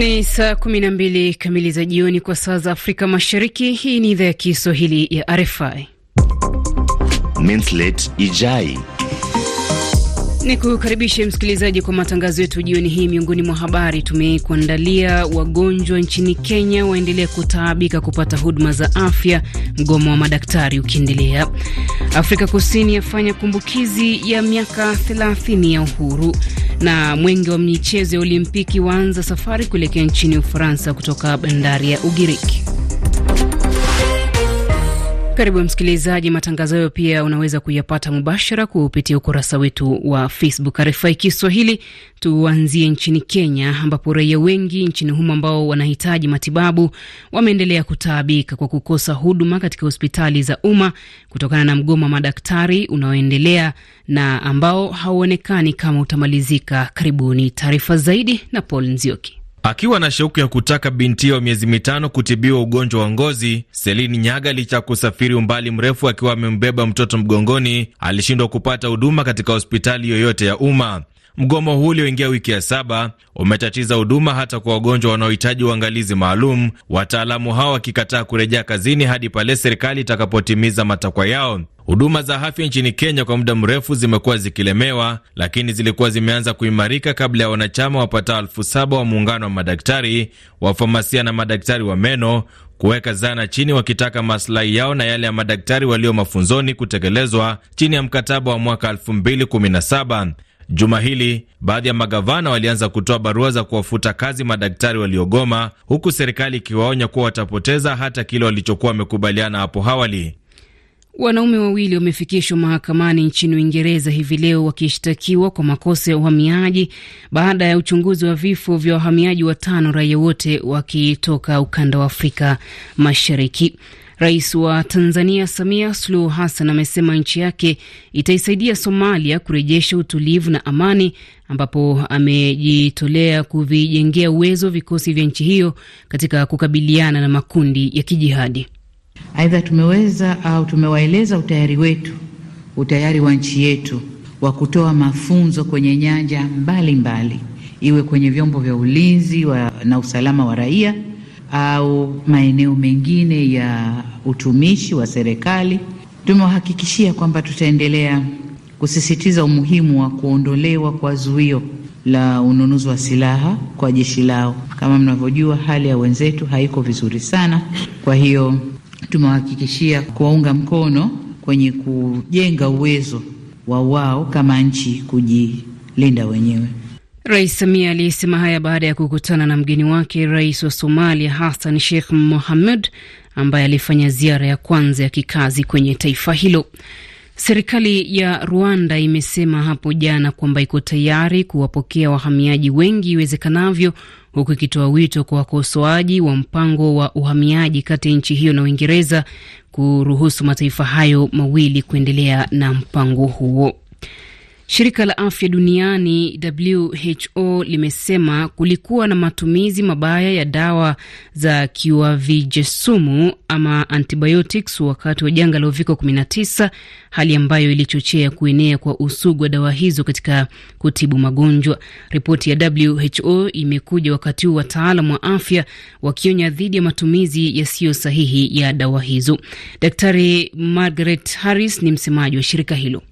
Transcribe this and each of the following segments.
Ni saa kumi na mbili kamili za jioni kwa saa za Afrika Mashariki. Hii ni idhaa ya Kiswahili ya RFI. Minslet Ijai ni kukaribisha msikilizaji kwa matangazo yetu jioni hii. Miongoni mwa habari tumekuandalia: wagonjwa nchini Kenya waendelea kutaabika kupata huduma za afya, mgomo wa madaktari ukiendelea. Afrika Kusini yafanya kumbukizi ya miaka 30 ya uhuru na mwenge wa michezo ya Olimpiki waanza safari kuelekea nchini Ufaransa kutoka bandari ya Ugiriki. Karibu msikilizaji, matangazo hayo pia unaweza kuyapata mubashara kupitia ukurasa wetu wa Facebook RFI Kiswahili. Tuanzie nchini Kenya, ambapo raia wengi nchini humo ambao wanahitaji matibabu wameendelea kutaabika kwa kukosa huduma katika hospitali za umma kutokana na mgomo wa madaktari unaoendelea na ambao hauonekani kama utamalizika karibuni. Taarifa zaidi na Paul Nzioki. Akiwa na shauku ya kutaka binti wa miezi mitano kutibiwa ugonjwa wa ngozi, Selini Nyaga, licha ya kusafiri umbali mrefu akiwa amembeba mtoto mgongoni, alishindwa kupata huduma katika hospitali yoyote ya umma. Mgomo huu ulioingia wiki ya saba umetatiza huduma hata kwa wagonjwa wanaohitaji uangalizi maalum, wataalamu hao wakikataa kurejea kazini hadi pale serikali itakapotimiza matakwa yao. Huduma za afya nchini Kenya kwa muda mrefu zimekuwa zikilemewa, lakini zilikuwa zimeanza kuimarika kabla ya wanachama wapatao elfu saba wa muungano wa madaktari wa famasia na madaktari wa meno kuweka zana chini wakitaka maslahi yao na yale ya madaktari walio mafunzoni kutekelezwa chini ya mkataba wa mwaka 2017. Juma hili baadhi ya magavana walianza kutoa barua za kuwafuta kazi madaktari waliogoma, huku serikali ikiwaonya kuwa watapoteza hata kile walichokuwa wamekubaliana hapo awali. Wanaume wawili wamefikishwa mahakamani nchini Uingereza hivi leo wakishtakiwa kwa makosa ya uhamiaji baada ya uchunguzi wa vifo vya wahamiaji watano, raia wote wakitoka ukanda wa Afrika Mashariki. Rais wa Tanzania Samia Suluhu Hassan amesema nchi yake itaisaidia Somalia kurejesha utulivu na amani, ambapo amejitolea kuvijengea uwezo vikosi vya nchi hiyo katika kukabiliana na makundi ya kijihadi. Aidha, tumeweza au tumewaeleza utayari wetu, utayari wa nchi yetu wa kutoa mafunzo kwenye nyanja mbalimbali mbali, iwe kwenye vyombo vya ulinzi wa, na usalama wa raia au maeneo mengine ya utumishi wa serikali. Tumewahakikishia kwamba tutaendelea kusisitiza umuhimu wa kuondolewa kwa zuio la ununuzi wa silaha kwa jeshi lao. Kama mnavyojua, hali ya wenzetu haiko vizuri sana, kwa hiyo tumewahakikishia kuwaunga mkono kwenye kujenga uwezo wa wao kama nchi kujilinda wenyewe. Rais Samia aliyesema haya baada ya kukutana na mgeni wake rais wa Somalia Hassan Sheikh Mohamud ambaye alifanya ziara ya kwanza ya kikazi kwenye taifa hilo. Serikali ya Rwanda imesema hapo jana kwamba iko tayari kuwapokea wahamiaji wengi iwezekanavyo huku ikitoa wito kwa wakosoaji wa mpango wa uhamiaji kati ya nchi hiyo na Uingereza kuruhusu mataifa hayo mawili kuendelea na mpango huo. Shirika la afya duniani WHO limesema kulikuwa na matumizi mabaya ya dawa za kiuavijesumu ama antibiotics wakati wa janga la uviko 19, hali ambayo ilichochea kuenea kwa usugu wa dawa hizo katika kutibu magonjwa. Ripoti ya WHO imekuja wakati huu wataalam wa afya wakionya dhidi ya matumizi yasiyo sahihi ya dawa hizo. Daktari Margaret Harris ni msemaji wa shirika hilo.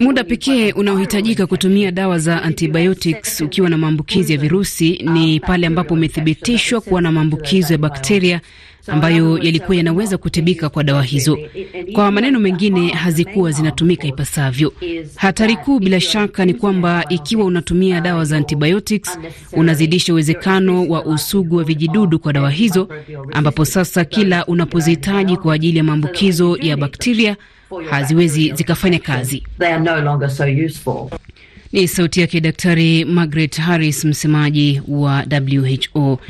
Muda pekee unaohitajika kutumia dawa za antibiotics ukiwa na maambukizi ya virusi ni pale ambapo umethibitishwa kuwa na maambukizo ya bakteria ambayo yalikuwa yanaweza kutibika kwa dawa hizo. Kwa maneno mengine, hazikuwa zinatumika ipasavyo. Hatari kuu bila shaka ni kwamba ikiwa unatumia dawa za antibiotics, unazidisha uwezekano wa usugu wa vijidudu kwa dawa hizo, ambapo sasa kila unapozihitaji kwa ajili ya maambukizo ya bakteria haziwezi zikafanya kazi. Ni sauti yake Daktari Margaret Harris, msemaji wa WHO.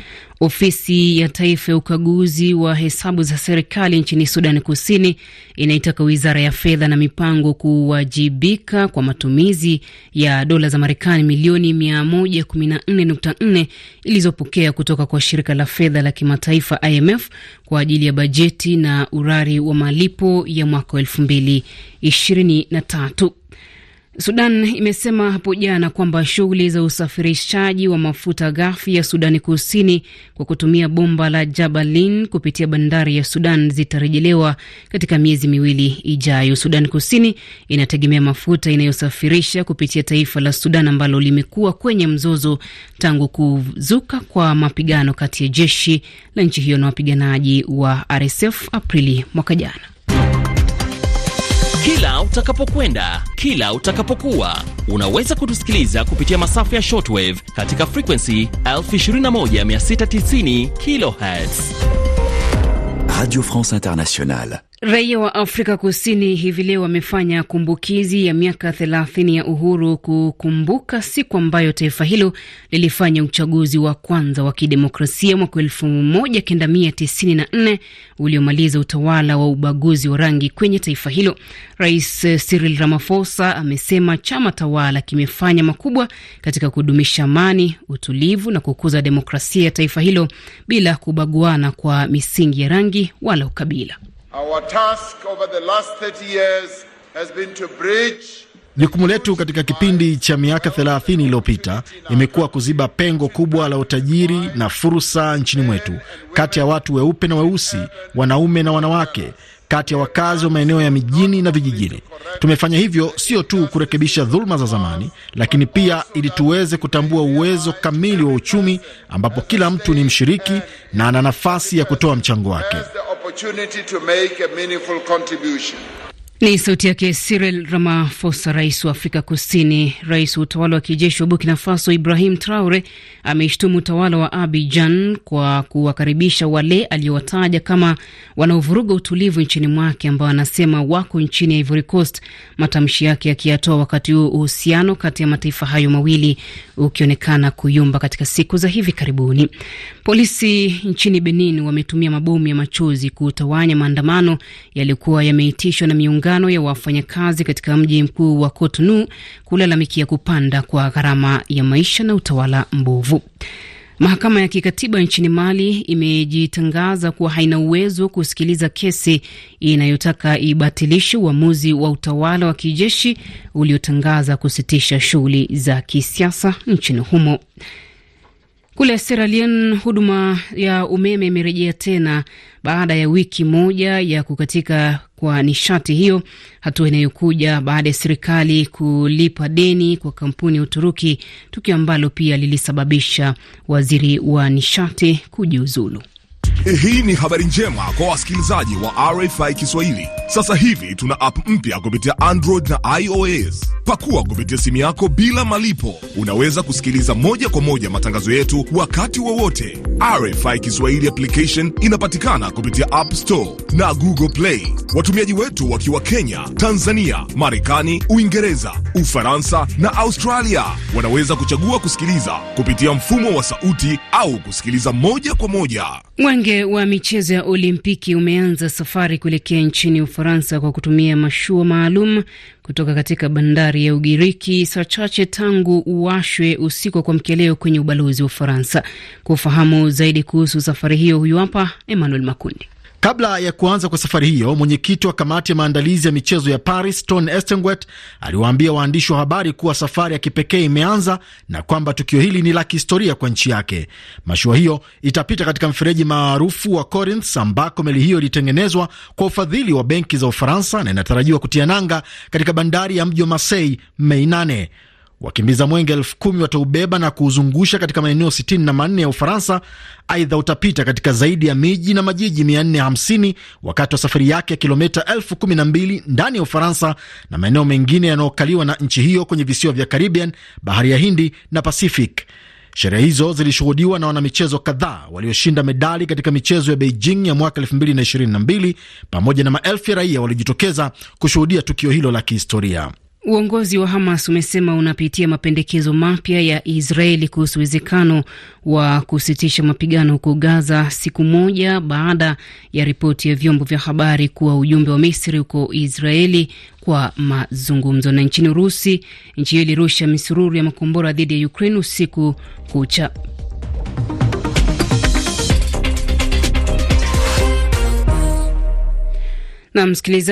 Ofisi ya Taifa ya Ukaguzi wa Hesabu za Serikali nchini Sudan Kusini inaitaka Wizara ya Fedha na Mipango kuwajibika kwa matumizi ya dola za Marekani milioni 114.4 ilizopokea kutoka kwa shirika la fedha la kimataifa IMF kwa ajili ya bajeti na urari wa malipo ya mwaka 2023. Sudan imesema hapo jana kwamba shughuli za usafirishaji wa mafuta ghafi ya Sudani Kusini kwa kutumia bomba la Jabalin kupitia bandari ya Sudan zitarejelewa katika miezi miwili ijayo. Sudan Kusini inategemea mafuta inayosafirisha kupitia taifa la Sudan ambalo limekuwa kwenye mzozo tangu kuzuka kwa mapigano kati ya jeshi la nchi hiyo na wapiganaji wa RSF Aprili mwaka jana. Kila utakapokwenda, kila utakapokuwa, unaweza kutusikiliza kupitia masafa ya shortwave katika frequency 21690 kHz. Radio France Internationale. Raia wa Afrika Kusini hivi leo wamefanya kumbukizi ya miaka thelathini ya uhuru kukumbuka siku ambayo taifa hilo lilifanya uchaguzi wa kwanza wa kidemokrasia mwaka elfu moja kenda mia tisini na nne uliomaliza utawala wa ubaguzi wa rangi kwenye taifa hilo. Rais Cyril Ramaphosa amesema chama tawala kimefanya makubwa katika kudumisha amani, utulivu na kukuza demokrasia ya taifa hilo bila kubaguana kwa misingi ya rangi wala ukabila. Our task over the last 30 years has been to bridge Jukumu letu katika kipindi cha miaka 30 iliyopita imekuwa kuziba pengo kubwa la utajiri na fursa nchini mwetu, kati ya watu weupe na weusi, wanaume na wanawake, kati ya wakazi wa maeneo ya mijini na vijijini. Tumefanya hivyo sio tu kurekebisha dhuluma za zamani, lakini pia ili tuweze kutambua uwezo kamili wa uchumi, ambapo kila mtu ni mshiriki na ana nafasi ya kutoa mchango wake. opportunity to make a meaningful contribution. Ni sauti yake Cyril Ramaphosa, rais wa Afrika Kusini. Rais wa utawala wa kijeshi wa Burkina Faso Ibrahim Traore ameshtumu utawala wa Abidjan kwa kuwakaribisha wale aliowataja kama wanaovuruga utulivu nchini mwake ambao anasema wako nchini Ivory Coast, matamshi yake yakiyatoa wakati huo uhusiano kati ya mataifa hayo mawili ukionekana kuyumba katika siku za hivi karibuni. Polisi nchini Benin wametumia mabomu ya machozi kutawanya maandamano yaliyokuwa yameitishwa na miunga maungano ya wafanyakazi katika mji mkuu wa Cotonou kulalamikia kupanda kwa gharama ya maisha na utawala mbovu. Mahakama ya kikatiba nchini Mali imejitangaza kuwa haina uwezo wa kusikiliza kesi inayotaka ibatilishe uamuzi wa utawala wa kijeshi uliotangaza kusitisha shughuli za kisiasa nchini humo. Kule Sierra Leone huduma ya umeme imerejea tena baada ya wiki moja ya kukatika kwa nishati hiyo, hatua inayokuja baada ya serikali kulipa deni kwa kampuni ya Uturuki, tukio ambalo pia lilisababisha waziri wa nishati kujiuzulu. Hii ni habari njema kwa wasikilizaji wa RFI Kiswahili. Sasa hivi tuna app mpya kupitia Android na iOS. Pakua kupitia simu yako bila malipo. Unaweza kusikiliza moja kwa moja matangazo yetu wakati wowote RFI Kiswahili application inapatikana kupitia App Store na Google Play. Watumiaji wetu wakiwa Kenya, Tanzania, Marekani, Uingereza, Ufaransa na Australia wanaweza kuchagua kusikiliza kupitia mfumo wa sauti au kusikiliza moja kwa moja. Mwenge wa michezo ya Olimpiki umeanza safari kuelekea nchini Ufaransa kwa kutumia mashua maalum kutoka katika bandari ya Ugiriki saa chache tangu uwashwe usiku kwa mkeleo kwenye ubalozi wa Ufaransa. Kufahamu zaidi kuhusu safari hiyo, huyu hapa Emmanuel Makundi. Kabla ya kuanza kwa safari hiyo, mwenyekiti wa kamati ya maandalizi ya michezo ya Paris Ton Estenguet aliwaambia waandishi wa habari kuwa safari ya kipekee imeanza na kwamba tukio hili ni la kihistoria kwa nchi yake. Mashua hiyo itapita katika mfereji maarufu wa Corinth ambako meli hiyo ilitengenezwa kwa ufadhili wa benki za Ufaransa na inatarajiwa kutia nanga katika bandari ya mji wa Marseille Mei nane. Wakimbiza mwenge elfu kumi wataubeba na kuuzungusha katika maeneo sitini na manne ya Ufaransa. Aidha, utapita katika zaidi ya miji na majiji 450 wakati wa safari yake ya kilomita elfu kumi na mbili ndani ya Ufaransa na maeneo mengine yanayokaliwa na nchi hiyo kwenye visiwa vya Caribbean, bahari ya Hindi na Pacific. Sherehe hizo zilishuhudiwa na wanamichezo kadhaa walioshinda medali katika michezo ya Beijing ya mwaka 2022 pamoja na maelfu ya raia waliojitokeza kushuhudia tukio hilo la kihistoria. Uongozi wa Hamas umesema unapitia mapendekezo mapya ya Israeli kuhusu uwezekano wa kusitisha mapigano huko Gaza, siku moja baada ya ripoti ya vyombo vya habari kuwa ujumbe wa Misri huko Israeli kwa mazungumzo. Na nchini Urusi, nchi hiyo ilirusha misururu ya makombora dhidi ya Ukraine usiku kucha. Na msikilizaji